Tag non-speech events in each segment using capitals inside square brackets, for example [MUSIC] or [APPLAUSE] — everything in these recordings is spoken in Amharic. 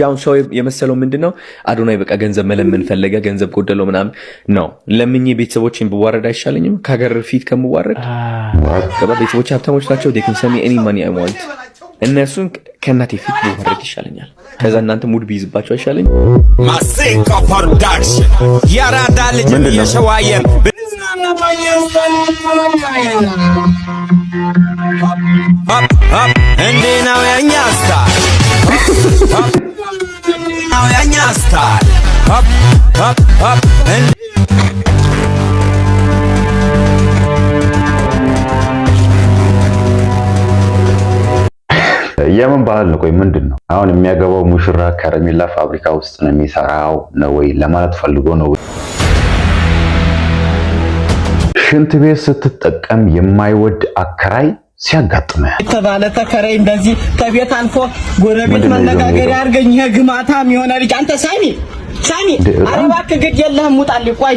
ያሁን ሰው የመሰለው ምንድን ነው አዶናይ በቃ ገንዘብ መለመን ፈለገ፣ ገንዘብ ጎደለው ምናምን ነው። ለምኝ ቤተሰቦችን ብዋረድ አይሻለኝም? ከሀገር ፊት ከምዋረድ ቤተሰቦች ሀብታሞች ናቸው። ዴክንሰሚ እኔ ማን ዋንት እነሱን ከእናቴ ፊት ብዋረድ ይሻለኛል፣ ከዛ እናንተ ሙድ ብይዝባቸው አይሻለኝ? ማሲንቆ ፕሮዳክሽን የአራዳ ልጅ የሸዋየን እንዴ ነው የኛ ስታር ስታል የምን ባህል ነው? ቆይ ምንድን ነው አሁን የሚያገባው ሙሽራ ከረሜላ ፋብሪካ ውስጥ ነው የሚሰራው ነው ወይ ለማለት ፈልጎ ነው? ሽንት ቤት ስትጠቀም የማይወድ አከራይ ሲያጋጥመ የተባለ ተከራይ እንደዚህ ከቤት አልፎ ጎረቤት መነጋገሪያ አድርገኝ ግማታም የሆነ ልጅ አንተ ሳሚ ሳሚ አረባክ ግድ የለህም ውጣልኝ ቆይ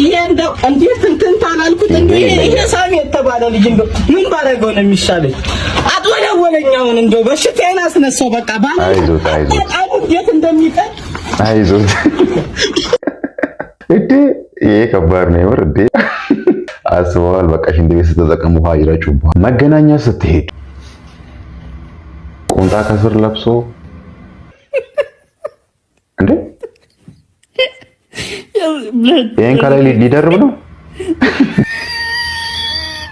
ይሄ እንደው እንዴት እንትን ታላልኩት እንዴ ይሄ ሳሚ የተባለ ልጅ እንደው ምን ባደረገው ነው የሚሻለኝ? አጥወለወለኝ። አሁን እንደው በሽታዬን አስነሳው። በቃ ባለ አጣጣሉ እንዴት እንደሚቀር አይዞት እንዴ ይሄ ከባድ ነው የምር እንዴ አስበዋል። በቃ ሽንት ቤት ስትጠቀም ውሃ ይረጩብሃል። መገናኛ ስትሄድ ቁምጣ ከስር ለብሶ እንዴ ይህን ከላይ ሊደርብ ነው [LAUGHS]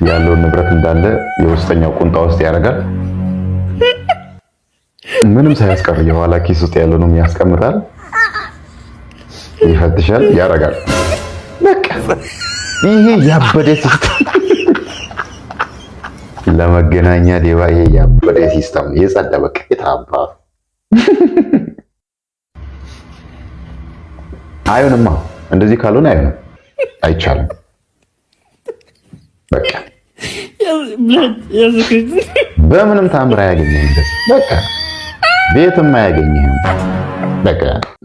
ያለውን ንብረት እንዳለ የውስጠኛው ቁንጣ ውስጥ ያደርጋል። ምንም ሳያስቀር የኋላ ኪስ ውስጥ ያለውንም ያስቀምጣል፣ ይፈትሻል፣ ያደርጋል። ይሄ ያበደ ሲስተም ለመገናኛ ዴባ ይሄ ያበደ ሲስተም የጸዳ በቃ የታባ አይሆንማ። እንደዚህ ካልሆነ አይሆንም፣ አይቻልም። በቃ በምንም ታምር አያገኘህም። በቃ ቤትም አያገኝህም። በቃ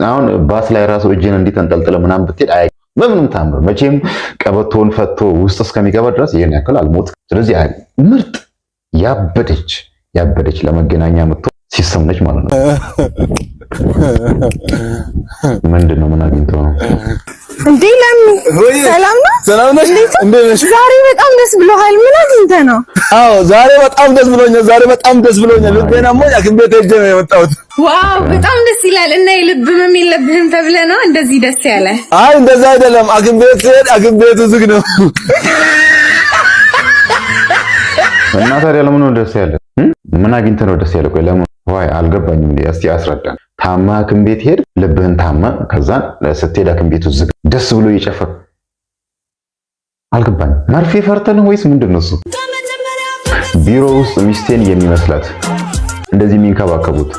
አሁን ባስ ላይ ራሱ እጅን እንዲተንጠልጥለ ምናም ብትሄድ አያ በምንም ታምር መቼም ቀበቶን ፈቶ ውስጥ እስከሚገባ ድረስ ይህን ያክል አልሞት። ስለዚህ ምርጥ ያበደች ያበደች ለመገናኛ ምቶ ሲሰምነች ማለት ነው። ምንድን ነው? ምን አግኝቶ ነው? እንዴ ለም ሰላም ነው? ሰላም ነሽ? እንዴ ነሽ? ዛሬ በጣም ደስ ብሎሃል። ምን አግኝተህ ነው? አዎ ዛሬ በጣም ደስ ብሎኛል። ዛሬ በጣም ደስ ብሎኛል። ልቤና ሞ ያክን ቤት ሄጄ ነው የመጣሁት። ዋው በጣም ደስ ይላል። እና የልብህም የለብህም ተብለህ ነው እንደዚህ ደስ ያለ? አይ እንደዛ አይደለም። አክን ቤት ስሄድ አክን ቤቱ ዝግ ነው። እና ታዲያ ለምን ነው ደስ ያለ? ምን አግኝተህ ነው ደስ ያለ? ቆይ ለምን ዋይ አልገባኝም። እስቲ አስረዳን ታማ ሐኪም ቤት ሄድ፣ ልብህን ታማ፣ ከዛ ስትሄድ ሐኪም ቤቱ ዝግ፣ ደስ ብሎ እየጨፈር አልገባኝ። መርፌ ፈርተን ወይስ ምንድን ነው እሱ? ቢሮ ውስጥ ሚስቴን የሚመስላት እንደዚህ የሚንከባከቡት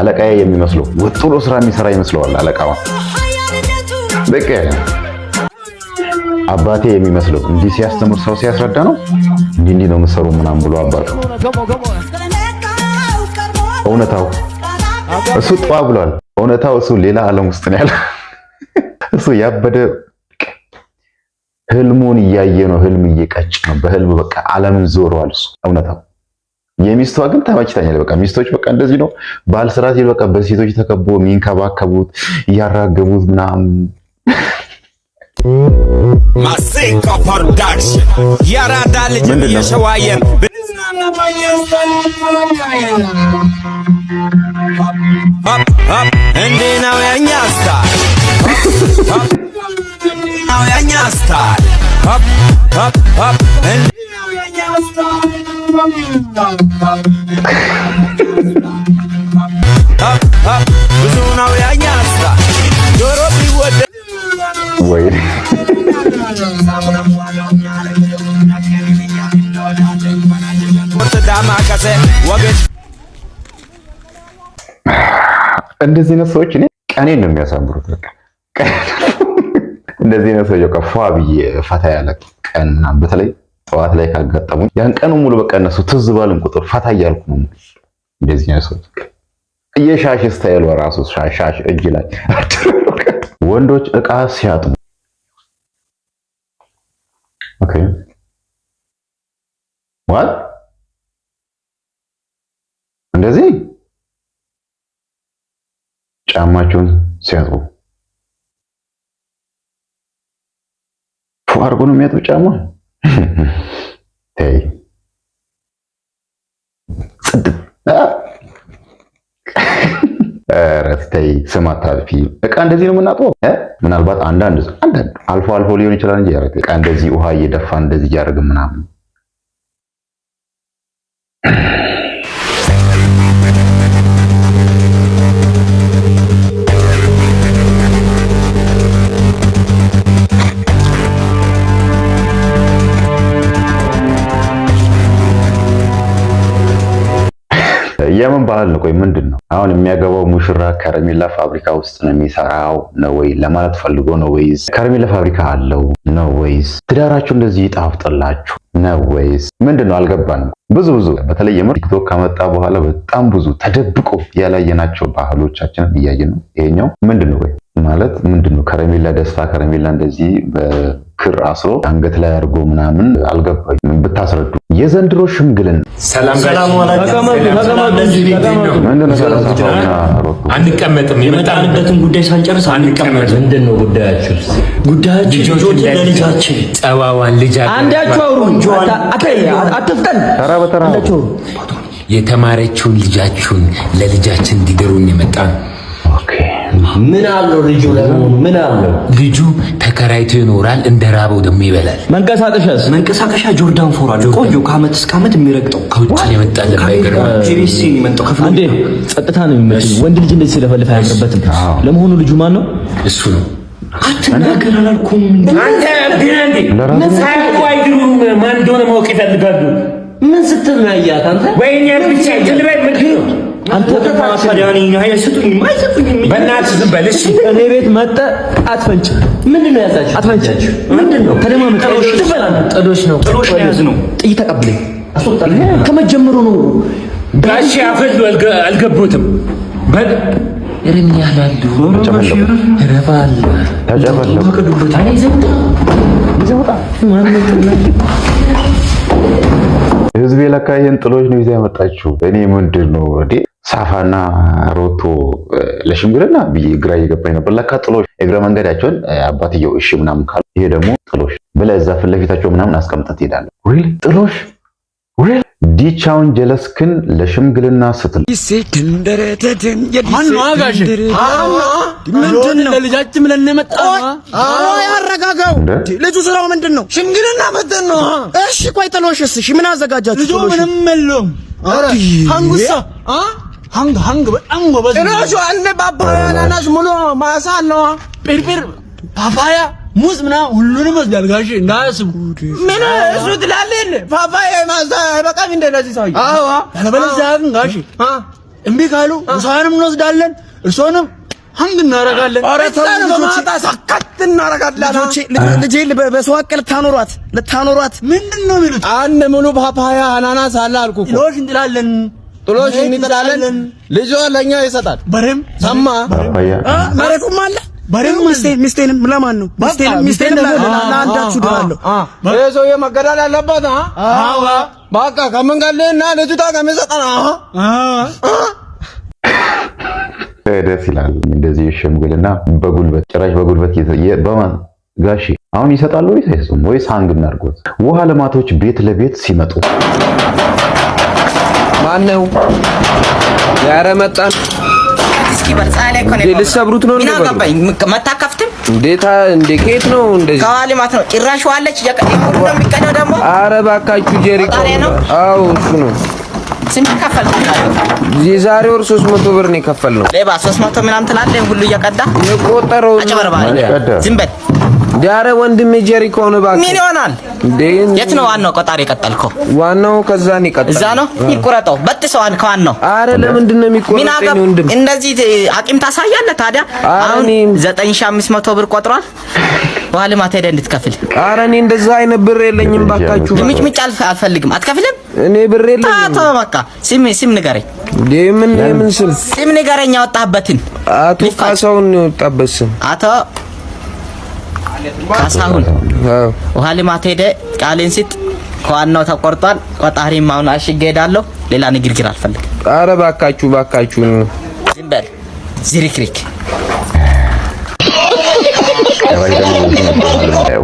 አለቃ የሚመስለው ወጥ ብሎ ስራ የሚሰራ ይመስለዋል። አለቃዋ በቃ አባቴ የሚመስለው እንዲህ ሲያስተምር ሰው ሲያስረዳ ነው እንዲህ እንዲህ ነው የምትሰሩ ምናምን ብሎ አባቱ እውነታው እሱ ጠዋ ብሏል። እውነታው እሱ ሌላ ዓለም ውስጥ ነው ያለ። እሱ ያበደ ህልሙን እያየ ነው። ህልም እየቀጭ ነው። በህልም በቃ ዓለምን ዞሯል እሱ እውነታው። የሚስቷ ግን ተመችታኛል። በቃ ሚስቶች በቃ እንደዚህ ነው። ባል ስራ ሲል በቃ በሴቶች ተከቦ የሚንከባከቡት እያራገቡት ምናምን ማሲንቆ ፕሮዳክሽን የአራዳ ልጅ የሸዋየን Endina ya nyasta nyasta nyasta nyasta Wait [LAUGHS] እንደዚህ አይነት ሰዎች እኔ ቀኔን ነው የሚያሳምሩት። በቃ [LAUGHS] እንደዚህ አይነት ሰዎች በቃ ፏ ብዬ ፈታ ያለ ቀን በተለይ ጠዋት ላይ ካጋጠሙኝ ያን ቀኑ ሙሉ በቃ እነሱ ትዝ ባልን ቁጥር ፈታ እያልኩ ነው። እንደዚህ አይነት ሰዎች የሻሽ ስታይል በራሱ ሻሽ እጅ ላይ [LAUGHS] ወንዶች እቃ ሲያጡ ኦኬ ዋት እንደዚህ ጫማቸውን ሲያጥቡ ፉ አድርጎ ነው የሚያጥብ ጫማ [LAUGHS] ተይ ጽድ [LAUGHS] ተይ ስም እቃ እንደዚህ ነው የምናጥበው ምናልባት አንዳንድ አንዳንድ አልፎ አልፎ ሊሆን ይችላል እንጂ እቃ እንደዚህ ውሃ እየደፋ እንደዚህ እያደረግን ምናምን የምን ባህል ነው? ቆይ ምንድን ነው አሁን የሚያገባው ሙሽራ ከረሜላ ፋብሪካ ውስጥ ነው የሚሰራው ነው ወይ ለማለት ፈልጎ ነው ወይስ ከረሜላ ፋብሪካ አለው ነው ወይስ ትዳራችሁ እንደዚህ ይጣፍጥላችሁ ነው ወይስ ምንድን ነው? አልገባንም። ብዙ ብዙ በተለይ የምር ቲክቶክ ከመጣ በኋላ በጣም ብዙ ተደብቆ ያላየናቸው ባህሎቻችንን እያየን ነው። ይሄኛው ምንድን ነው ወይ ማለት ምንድን ነው? ከረሜላ ደስታ፣ ከረሜላ እንደዚህ ክር አስሮ አንገት ላይ አድርጎ ምናምን አልገባኝ ብታስረዱ። የዘንድሮ ሽምግልን አንቀመጥም የመጣንበትን ጉዳይ ሳንጨርስ አንቀመጥም። ምንድን ነው ጉዳያችሁ? ጉዳያችን ልጆች ለልጃችን ጠባዋን ልጅ አንዳችሁ አውሩ። አትፍጠን፣ ተራ በተራ የተማረችውን ልጃችሁን ለልጃችን እንዲደሩን የመጣ ነው ምን አለው ልጁ? ለምን ምን አለው ልጁ? ተከራይቶ ይኖራል። እንደ ራበው ደግሞ ይበላል። መንቀሳቀሻስ? መንቀሳቀሻ ጆርዳን ፎር አለ። ቆዩ ከአመት እስከ አመት የሚረግጠው ከውጭ ነው የመጣለ። ጸጥታ ነው የሚመች። ወንድ ልጅ እንደዚህ ስለፈልፍ አያምርበትም። ለመሆኑ ልጁ ማን ነው? እሱ ነው። አትናገር አላልኩም? አንተ ማን እንደሆነ ማወቅ ይፈልጋሉ። ምን ስትል ነው ያያት አንተ? ወይኔ ብቻ ጅልበት ምንድን አንተ እኔ ቤት መጠ አትፈንጭ። ምንድን ነው ያዛችሁ? አትፈንጭ ምንድን ነው ተደማመጥ። ጥዶሽ ነው ጥዶሽ ነው ያዝ ጥይት ተቀብለኝ ከመጀመሩ ነው ጋሽ አፈል አልገቡትም በል ነው ህዝቤ ለካ ይሄን ጥሎሽ ነው ይዛ ያመጣችሁ። እኔ ምንድን ነው እንዴ ሳፋና ሮቶ ለሽምግልና ብዬ ግራ እየገባኝ ነበር። ለካ ጥሎሽ እግረ መንገዳቸውን አባትየው እሺ ምናምን ካሉ ይሄ ደግሞ ጥሎሽ ብለ እዛ ፊት ለፊታቸው ምናምን አስቀምጠት ትሄዳለህ። ጥሎሽ ዲቻውን ጀለስክን ለሽምግልና ስትል ለልጃችን ስራው ምንድን ነው? ሽምግልና መተን ነው። እሺ ቆይ ጥሎሽስ ምን አዘጋጃችሁ? ምንም የለውም። አንጉሳ ሀንግ ሀንግ በጣም ጎበዝ ነው። አለ ፓፓያ፣ አናናስ ሙሉ ማሳ አለው። ፒርፒር፣ ፓፓያ፣ ሙዝ ምናምን ሁሉንም ወስዳል። ጋሽ እንዳያስቡ ምን እሱ ትላለህ። ፓፓያ ማሳ በቃም እንደነዚህ ሰው አዎ። ያለበለዚያ ግን ጋሽ እምቢ ካሉ ሰዋንም እንወስዳለን እርሶንም ሀንግ እናረጋለን። ማታ ሰከት ልታኖሯት ምንድን ነው የሚሉት? አንድ ሙሉ ፓፓያ አናናስ አለ አልኩ እኮ ሎሽ እንጥላለን ጥሎሽ እንጣለን። ልጇ ለኛ ይሰጣል። በሬም ሰማ አረፉም አለ በሬም ሚስቴን ሚስቴንም ለማን ነው ሚስቴንም ሚስቴንም ለአንዳችሁ ድራለሁ። ይሄ ሰውዬ መገዳል ያለበት አዎ፣ በቃ ከምን ጋልና ልጅቷ ከሚሰጠን አዎ፣ ደስ ይላል። እንደዚህ ሽምግልና በጉልበት ጭራሽ በጉልበት በማን ጋሺ አሁን ይሰጣሉ ወይስ አይሰጡም? ወይስ ሳንግ እናድርጎት ውሃ ልማቶች ቤት ለቤት ሲመጡ ማነው? ያረ መጣን። ልትሰብሩት ነው? መታከፍትም እንዴታ እንደ ኬት ነው እንደዚህ ከዋልማት ነው ጭራሽ ዋለች። የሚቀደው ደግሞ አረ እባካችሁ ጀሪኮ አዎ እሱ ነው። የዛሬ ወር 300 ብር ነው የከፈልነው። ሌባ 300 ምናምን ትላለህ። ሁሉ እየቀዳ የቆጠረው ዝም በል ዳረ ወንድሜ ጀሪኮ ነው ባክ። ምን ይሆናል? የት ነው ዋናው? ቆጣሪ ቀጠልከው። ዋናው ከዛ ነው ቀጠል። እዛ ነው ይቆረጠው። በጥሰው አን ከዋናው። አረ ለምንድን ነው የሚቆረጠው? ወንድም እንደዚህ አቂም ታሳያለህ ታዲያ። አሁን 9500 ብር ቆጥሯል። በኋላ ማታ ሄደህ እንድትከፍል። አረ እኔ እንደዛ አይነት ብር የለኝም ባካችሁ። ምጭምጭ ምጭ አልፈልግም። አትከፍልም? እኔ ብር የለኝም። አቶ በቃ ሲም ሲም ንገረኝ። ምን ምን ስም ሲም ንገረኝ። ያወጣህበትን አቶ ካሳውን ነው ያወጣበት ስም አቶ ካሳሁን ውሃ ልማት ሄደ። ቃሌን ሲጥ ከዋናው ተቆርጧል። ቆጣሪ ማውን አሽጌ ሄዳለሁ። ሌላ ንግግር አልፈልግም። አረ ባካችሁ ባካችሁ፣ ዝም በል ዝሪክሪክ።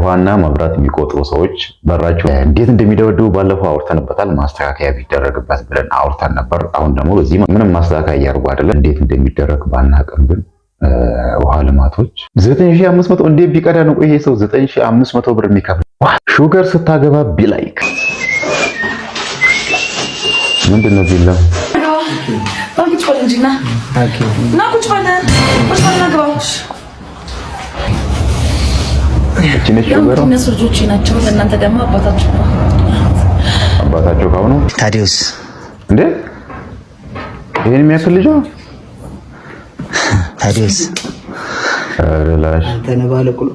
ውሃና መብራት የሚቆጥሩ ሰዎች በራቸው እንዴት እንደሚደበድቡ ባለፈው አውርተንበታል። ማስተካከያ ቢደረግበት ብለን አውርተን ነበር። አሁን ደግሞ በዚህ ምንም ማስተካከያ እያደርጉ አይደለም። እንዴት እንደሚደረግ ባናውቅም ግን ውሃ ልማቶች 9500 እንዴ ቢቀዳ ነው ይሄ ሰው 9500 ብር የሚከፍል ሹገር ስታገባ ቢላይክ ምንድን ነው ቢላ አባታቸው ካሁኑ ታዲዮስ እንዴ ይህን የሚያክል ልጅ ታዲያስ ተነባለቁሎ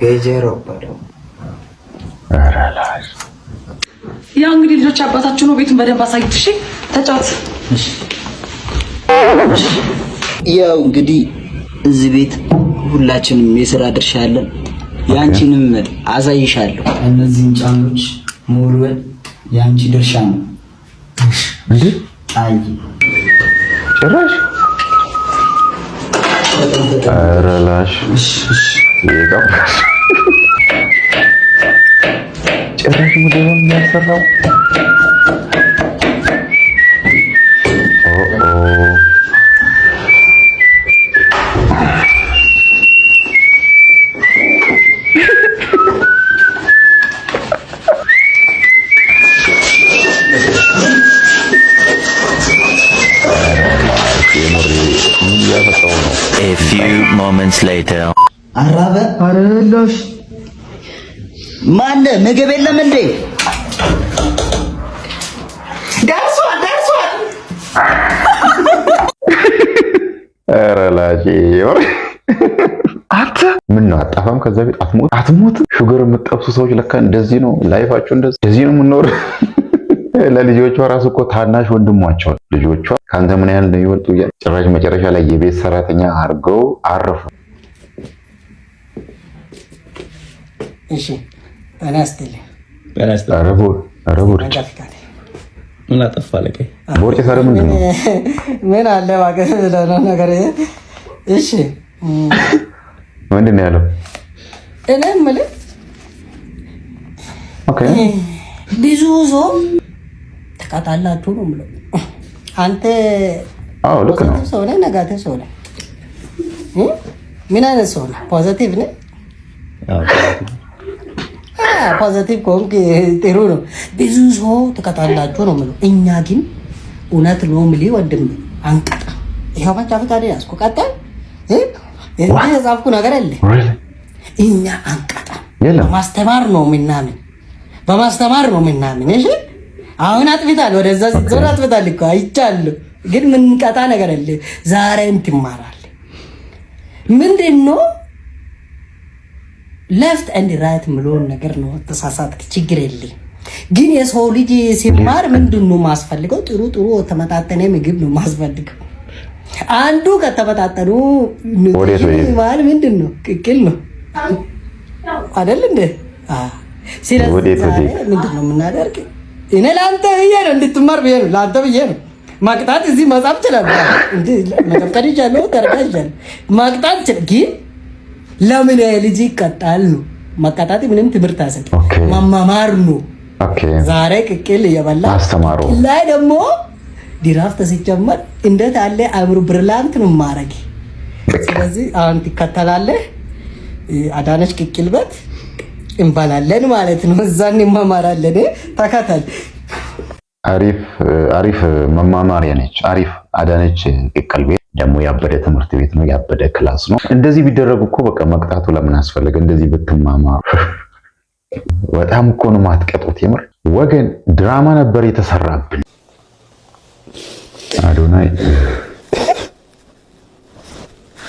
ገጀሮ ያው እንግዲህ ልጆች አባታችሁ ነው። ቤቱን በደንብ አሳይት። እሺ፣ ተጫወት። ያው እንግዲህ እዚህ ቤት ሁላችንም የሥራ ድርሻ አለን። ያንቺንም አሳይሻለሁ። እነዚህን ጫኖች መወልወል ያንቺ ድርሻ ነው። እንዴ አይ ጭራሽ ረላሽ ጭራሽ ምግብ የሚያሰራው moments later. አራበ አረሎሽ ማን ምግብ የለም እንዴ? ደርሷል ደርሷል። አረላጂ አንተ ምን ነው አጣፋም? ከዛ ቤት አትሞት አትሞት። ሹገር የምጠብሱ ሰዎች ለካ እንደዚህ ነው ላይፋቸው፣ እንደዚህ ነው የምንኖረው። [LAUGHS] ለልጆቿ ራሱ እኮ ታናሽ ወንድሟቸውን ልጆቿ ከአንተ ምን ያህል ነው ይወጡ? ጭራሽ መጨረሻ ላይ የቤት ሰራተኛ አድርገው አረፉ። እሺ በና ያስጥልኝ። ምን አጠፋ ቦርጭ ሰር ምንድን ነው? ምን አለ እባክህ ለሆነ ነገር እሺ፣ ምንድን ነው ያለው? እኔ የምልህ ብዙ ሰው ተቃጣላችሁ ነው የምለው። አንተ ልክ ነው። ሰው ነህ፣ ነጋቲቭ ሰው ነህ። ምን አይነት ሰው ነህ? ፖዘቲቭ ነህ ፖዘቲቭ ከሆንክ ጥሩ ነው። ብዙ ሰው ትቀጣላችሁ ነው የምለው። እኛ ግን እውነት ነው የምልህ ወንድም አንቀጣ። ይኸው ባንቺ ፈቃድ ያዝኩ ቀጣል የጻፍኩ ነገር አለ። እኛ አንቀጣ። በማስተማር ነው ምናምን በማስተማር ነው ምናምን። እሺ አሁን አጥፍታል፣ ወደዛ ስትዞር አጥፍታል እኮ አይቻለሁ። ግን ምንቀጣ ነገር አለ። ዛሬም ትማራለህ ምንድን ነው ለፍት እንድ ራይት ምሎን ነገር ነው። ተሳሳት ችግር የለኝ። ግን የሰው ልጅ ሲማር ምንድን ነው ማስፈልገው? ጥሩ ጥሩ ተመጣጠነ ምግብ ነው ማስፈልገው። አንዱ ከተመጣጠኑ ማለት ምንድን ነው ቅቅል ነው አደል እንደ ስለዚህ ምንድን ነው የምናደርግ? እኔ ለአንተ ብዬ ነው እንድትማር ብዬ ነው ለአንተ ብዬ ነው ማቅጣት እዚህ መጻፍ ይችላል፣ መቀጥቀድ ይቻለ፣ ተረዳ ይቻለ፣ ማቅጣት ግን ለምን ልጅ ይቀጣል ነው። መቀጣት ምንም ትምህርት አሰጥ ማማማር ነው። ዛሬ ቅቅል እየበላ አስተማሩ ላይ ደግሞ ድራፍት ሲጀመር እንዴት አለ አእምሮ ብርላንት ነው ማረግ። ስለዚህ አሁን ትከተላለህ። አዳነች ቅቅል በት እንበላለን ማለት ነው። እዛን እንማማራለን። ተከተል። አሪፍ አሪፍ መማማሪያ ነች። አሪፍ አዳነች ቅቅል ቤት ደግሞ ያበደ ትምህርት ቤት ነው፣ ያበደ ክላስ ነው። እንደዚህ ቢደረጉ እኮ በቃ መቅጣቱ ለምን አስፈለገ? እንደዚህ ብትማማ [LAUGHS] በጣም እኮ ነው ማትቀጡት። የምር ወገን ድራማ ነበር የተሰራብን። አዶናይ [LAUGHS]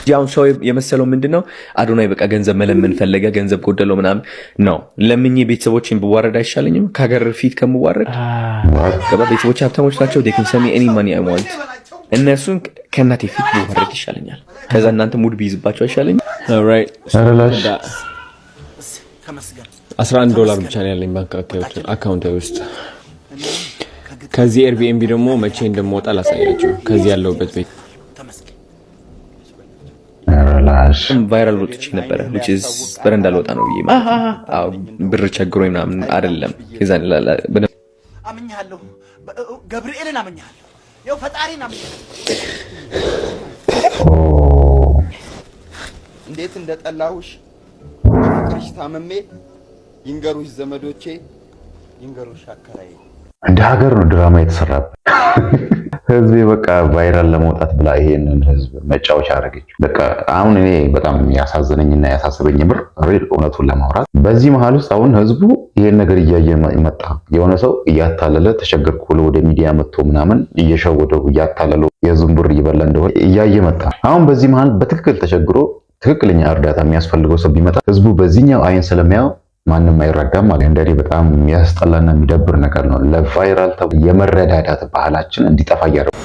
ያሁን ሰው የመሰለው ምንድን ነው አዶናይ በቃ ገንዘብ መለመን ፈለገ። ገንዘብ ጎደለው ምናምን ነው። ለምኜ ቤተሰቦችን ብዋረድ አይሻለኝም? ከሀገር ፊት ከምዋረድ ቤተሰቦች ሀብታሞች ናቸው። ዴክም ሰሚ እኔ ማን እነሱን ከእናቴ ፊት ማድረግ ይሻለኛል። ከዛ እናንተ ሙድ ቢይዝባቸው አይሻለኝ? አስራ አንድ ዶላር ብቻ ነው ያለኝ ባንክ አካውንት ውስጥ። ከዚህ ኤርቢኤንቢ ደግሞ መቼ እንደምወጣ ላሳያቸው። ከዚህ ያለውበት ቤት ቫይራል ወጥቼ ነበረ በረንዳ ልወጣ ነው ብዬ ብር ቸግሮኝ ምናምን አይደለም የዛን ገብርኤልን አመኛለሁ ያው ፈጣሪ ነው። እንዴት እንደጠላሁሽ ፍቅርሽ ታመሜ ይንገሩሽ ዘመዶቼ፣ ይንገሩሽ አከራዬ። እንደ ሀገር ነው ድራማ የተሰራበት። ህዝብ በቃ ቫይራል ለመውጣት ብላ ይሄንን ህዝብ መጫወቻ አደረገችው። በቃ አሁን እኔ በጣም ያሳዘነኝና ያሳሰበኝ ምር ሪል እውነቱን ለማውራት በዚህ መሀል ውስጥ አሁን ህዝቡ ይሄን ነገር እያየ መጣ። የሆነ ሰው እያታለለ ተቸገርኩ ብሎ ወደ ሚዲያ መጥቶ ምናምን እየሸወደው እያታለለ የህዝቡን ብር እየበላ እንደሆነ እያየ መጣ። አሁን በዚህ መሀል በትክክል ተቸግሮ ትክክለኛ እርዳታ የሚያስፈልገው ሰው ቢመጣ ህዝቡ በዚህኛው አይን ስለሚያው ማንም አይረዳም ማለት እንደኔ በጣም የሚያስጠላና የሚደብር ነገር ነው። ለቫይራል የመረዳዳት ባህላችን እንዲጠፋ እያደረጉ